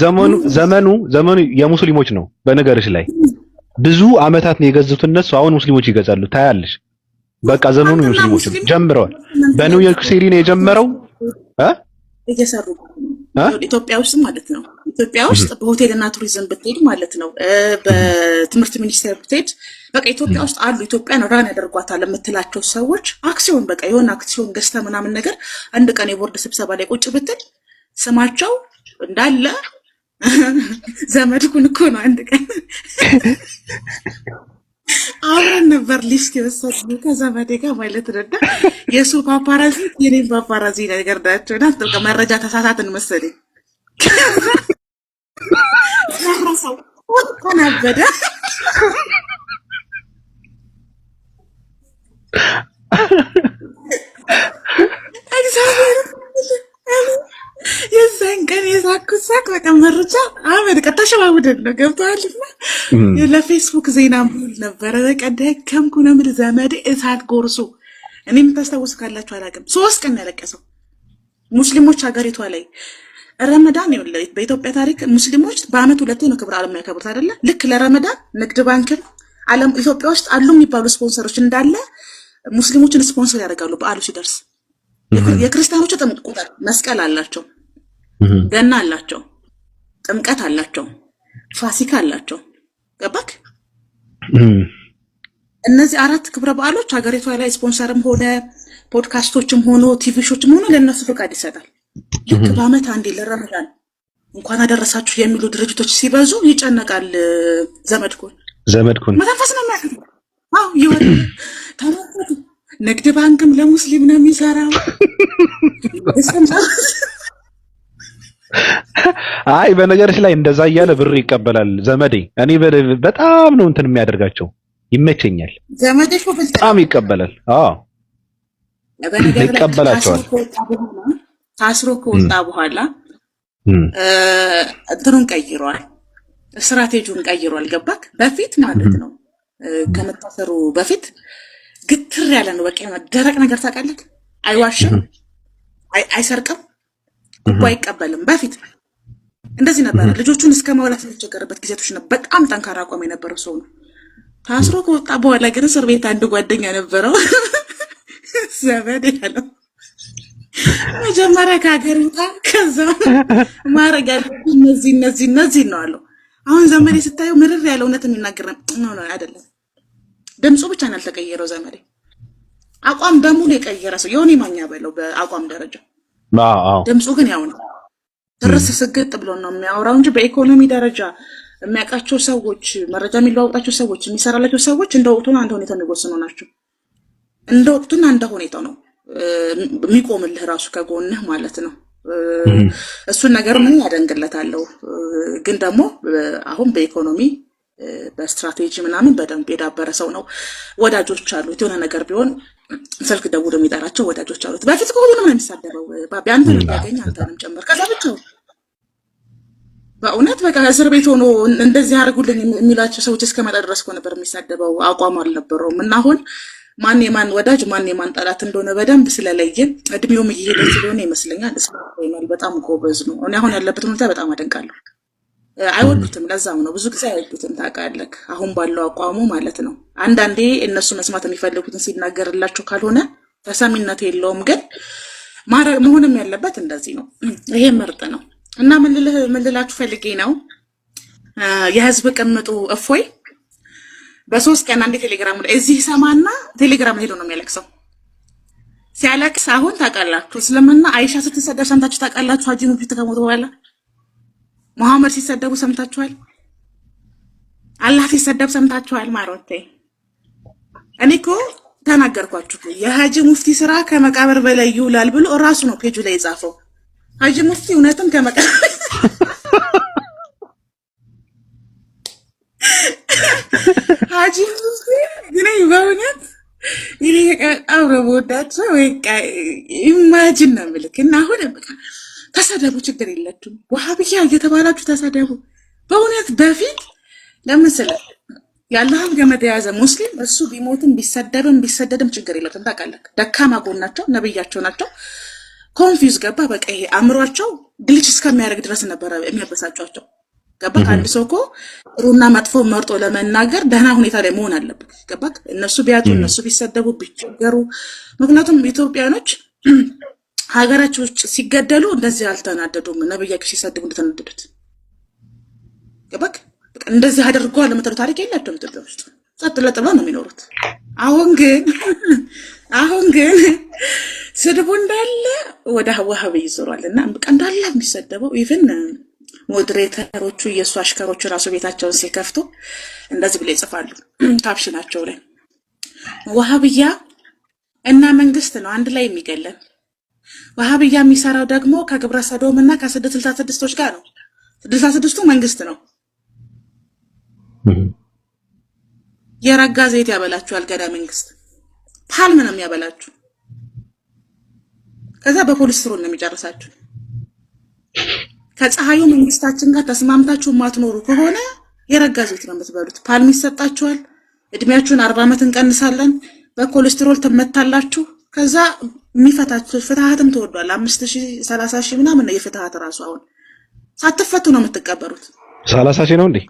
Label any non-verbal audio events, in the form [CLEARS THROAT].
ዘመኑ ዘመኑ ዘመኑ የሙስሊሞች ነው። በነገርሽ ላይ ብዙ አመታት ነው የገዙት እነሱ። አሁን ሙስሊሞች ይገዛሉ ታያለሽ። በቃ ዘመኑ ነው። ጀምረዋል። በኒውዮርክ ሲሪ ነው የጀመረው እ እየሰሩ ኢትዮጵያ ውስጥ ማለት ነው። ኢትዮጵያ ውስጥ በሆቴልና ቱሪዝም ብትሄድ ማለት ነው፣ በትምህርት ሚኒስቴር ብትሄድ በቃ ኢትዮጵያ ውስጥ አሉ ኢትዮጵያን ራን ያደርጓታል የምትላቸው ሰዎች አክሲዮን በቃ የሆነ አክሲዮን ገዝተ ምናምን ነገር አንድ ቀን የቦርድ ስብሰባ ላይ ቁጭ ብትል ስማቸው እንዳለ ዘመድኩን እኮ ነው። አንድ ቀን አብረን ነበር ሊስት የወሰድነው ከዘመዴ ጋር ማለት ነዳ። የእሱ ፓፓራዚ የኔም ፓፓራዚ ነገር ናቸው። ና ጥልቀ መረጃ ተሳሳትን መሰለኝ። ሰው ወጥቆ ናበደ የሳኩት በቃ መረጃ አመድ ነው ለፌስቡክ ዜና ነበረ። በቃ ደከምኩ ነው የምልህ እሳት ጎርሶ እኔ የምታስታውስ ካላችሁ አላውቅም። ሶስት ቀን ያለቀሰው ሙስሊሞች ሀገሪቷ ላይ ረመዳን ይኸውልህ፣ በኢትዮጵያ ታሪክ ሙስሊሞች በአመት ሁለቴ ነው ክብረ ዓለም ያከብሩት አይደለ? ልክ ለረመዳን ንግድ ባንክን ዓለም ኢትዮጵያ ውስጥ አሉ የሚባሉ ስፖንሰሮች እንዳለ ሙስሊሞችን ስፖንሰር ያደርጋሉ። በዓሉ ሲደርስ የክርስቲያኖቹ ጥምቁት መስቀል አላቸው። ገና አላቸው፣ ጥምቀት አላቸው፣ ፋሲካ አላቸው። ገባክ? እነዚህ አራት ክብረ በዓሎች ሀገሪቷ ላይ ስፖንሰርም ሆነ ፖድካስቶችም ሆኖ ቲቪሾችም ሆኖ ለእነሱ ፈቃድ ይሰጣል። ልክ በአመት አንዴ ለረመዳን እንኳን አደረሳችሁ የሚሉ ድርጅቶች ሲበዙ ይጨነቃል። ዘመድኩን ዘመድኩን መተንፈስ ነው የሚያል ይወ ንግድ ባንክም ለሙስሊም ነው የሚሰራው [LAUGHS] አይ በነገርሽ ላይ እንደዛ እያለ ብር ይቀበላል ዘመዴ። እኔ በጣም ነው እንትን የሚያደርጋቸው ይመቸኛል። ዘመዴሽ በጣም ይቀበላል። አዎ ይቀበላቸዋል። ታስሮ ከወጣ በኋላ እንትኑን ቀይሯል፣ ስትራቴጂውን ቀይሯል። ገባክ? በፊት ማለት ነው ከመታሰሩ በፊት ግትር ያለ ነው። በቃ ደረቅ ነገር ታውቃለህ። አይዋሽም፣ አይሰርቅም፣ ጉቦ አይቀበልም በፊት እንደዚህ ነበረ። ልጆቹን እስከ መብላት የተቸገረበት ጊዜቶች ነው። በጣም ጠንካራ አቋም የነበረው ሰው ነው። ታስሮ ከወጣ በኋላ ግን እስር ቤት አንድ ጓደኛ ነበረው [LAUGHS] ዘመድ ያለው መጀመሪያ ከሀገር ውጣ፣ ከዛ ማድረግ ያለብህ እነዚህ እነዚህ እነዚህ ነው አለው። አሁን ዘመዴ ስታየው ምርር ያለ እውነት የሚናገር ነው አይደለም። ድምፁ ብቻ ነው ያልተቀየረው። ዘመዴ አቋም በሙሉ የቀየረ ሰው የሆነ ማኛ በለው በአቋም ደረጃ ድምፁ ግን ያው ነው። ትርስ ስግጥ ብሎ ነው የሚያወራው እንጂ በኢኮኖሚ ደረጃ የሚያውቃቸው ሰዎች፣ መረጃ የሚለዋወጣቸው ሰዎች፣ የሚሰራላቸው ሰዎች እንደ ወቅቱና እንደ ሁኔታው የሚወስኑ ናቸው። እንደ ወቅቱና እንደ ሁኔታው ነው የሚቆምልህ ራሱ ከጎንህ ማለት ነው። እሱን ነገር ምን ያደንግለታለሁ። ግን ደግሞ አሁን በኢኮኖሚ በስትራቴጂ ምናምን በደንብ የዳበረ ሰው ነው። ወዳጆች አሉት። የሆነ ነገር ቢሆን ስልክ ደውሎ የሚጠራቸው ወዳጆች አሉት። በፊት ከሆኑ ነው የሚሳደበው። ባቢ አንተን የሚያገኝ አንተንም ጨምር። ከዛ ብቻው በእውነት በቃ እስር ቤት ሆኖ እንደዚህ አድርጉልኝ የሚሏቸው ሰዎች እስከመጣ ድረስ እኮ ነበር የሚሳደበው። አቋም አልነበረውም እና አሁን ማን የማን ወዳጅ ማን የማን ጠላት እንደሆነ በደንብ ስለለየን እድሜውም እየሄደ ስለሆነ ይመስለኛል። እስማል በጣም ጎበዝ ነው። እኔ አሁን ያለበት ሁኔታ በጣም አደንቃለሁ። አይወዱትም። ለዛም ነው ብዙ ጊዜ አይወዱትም። ታውቃለህ፣ አሁን ባለው አቋሙ ማለት ነው። አንዳንዴ እነሱ መስማት የሚፈልጉትን ሲናገርላቸው ካልሆነ ተሰሚነት የለውም። ግን መሆንም ያለበት እንደዚህ ነው። ይሄ ምርጥ ነው እና ምን ፈልጌ ነው የህዝብ ቅምጡ እፎይ በሶስት ቀን አንዴ ቴሌግራም እዚህ ሰማና ቴሌግራም ሄዶ ነው የሚያለቅሰው። ሲያለቅስ አሁን ታውቃላችሁ፣ እስልምና አይሻ ስትሰደር ሰምታችሁ ታውቃላችሁ። ሀጂ ሙፍቲ ከሞቱ በኋላ መሐመድ ሲሰደቡ ሰምታችኋል። አላህ ሲሰደብ ሰምታችኋል። ማሮቴ እኔ እኮ ተናገርኳችሁ የሀጂ ሙፍቲ ስራ ከመቃብር በላይ ይውላል ብሎ እራሱ ነው ፔጁ ላይ የጻፈው። ሀጂ ሙፍቲ እውነትም ከመቃብር ሀጂ ሙፍቲ ግን በእውነት ይሄ ቀጣው ነው ወዳቸው ወይ ኢማጂን ነው ምልክ እና አሁን ተሰደቡ፣ ችግር የለችም። ወሃብያ እየተባላችሁ ተሰደቡ። በእውነት በፊት ለምስል ያለህን ገመድ የያዘ ሙስሊም እሱ ቢሞትም ቢሰደብም ቢሰደድም ችግር የለትም። ታውቃለህ፣ ደካማ ጎናቸው ነብያቸው ናቸው። ኮንፊውዝ ገባ። በቃ ይሄ አእምሯቸው ግልች እስከሚያደርግ ድረስ ነበረ የሚያበሳጫቸው። ገባ። አንድ ሰው እኮ ጥሩና መጥፎ መርጦ ለመናገር ደህና ሁኔታ ላይ መሆን አለበት። ገባ። እነሱ ቢያጡ፣ እነሱ ቢሰደቡ፣ ቢቸገሩ ምክንያቱም ኢትዮጵያኖች ሀገራችን ውስጥ ሲገደሉ እንደዚህ አልተናደዱም። ነብያቸው ሲሰድቡ እንደተናደዱት ገባክ? እንደዚህ አድርጓል የምትለው ታሪክ የላቸውም። ኢትዮጵያ ውስጥ ጸጥ ለጥሎ ነው የሚኖሩት። አሁን ግን [LAUGHS] አሁን ግን ስድቡ እንዳለ ወደ ዋህብ ይዞሯል እና እንዳለ የሚሰደበው ኢቨን ሞድሬተሮቹ የእሱ አሽከሮቹ ራሱ ቤታቸውን ሲከፍቱ እንደዚህ ብለው ይጽፋሉ ካፕሽናቸው [CLEARS THROAT] ላይ ዋሃብያ እና መንግስት ነው አንድ ላይ የሚገለን ወሃብያ የሚሰራው ደግሞ ከግብረ ሰዶም እና ከስድስት ስልሳ ስድስቶች ጋር ነው። ስድስት ስድስቱ መንግስት ነው። የረጋ ዘይት ያበላችኋል። ገዳ መንግስት ፓልም ነው የሚያበላችሁ። ከዛ በፖሊስትሮል ነው የሚጨርሳችሁ። ከፀሐዩ መንግስታችን ጋር ተስማምታችሁ የማትኖሩ ከሆነ የረጋ ዘይት ነው የምትበሉት። ፓልም ይሰጣችኋል። እድሜያችሁን አርባ ዓመት እንቀንሳለን። በኮሌስትሮል ትመታላችሁ። ከዛ የሚፈታቸው ፍትሀትም ተወዷል። አምስት ሺ ሰላሳ ሺህ ምናምን ነው የፍትሀት ራሱ አሁን ሳትፈቱ ነው የምትቀበሩት። ሰላሳ ሺህ ነው እንዴ?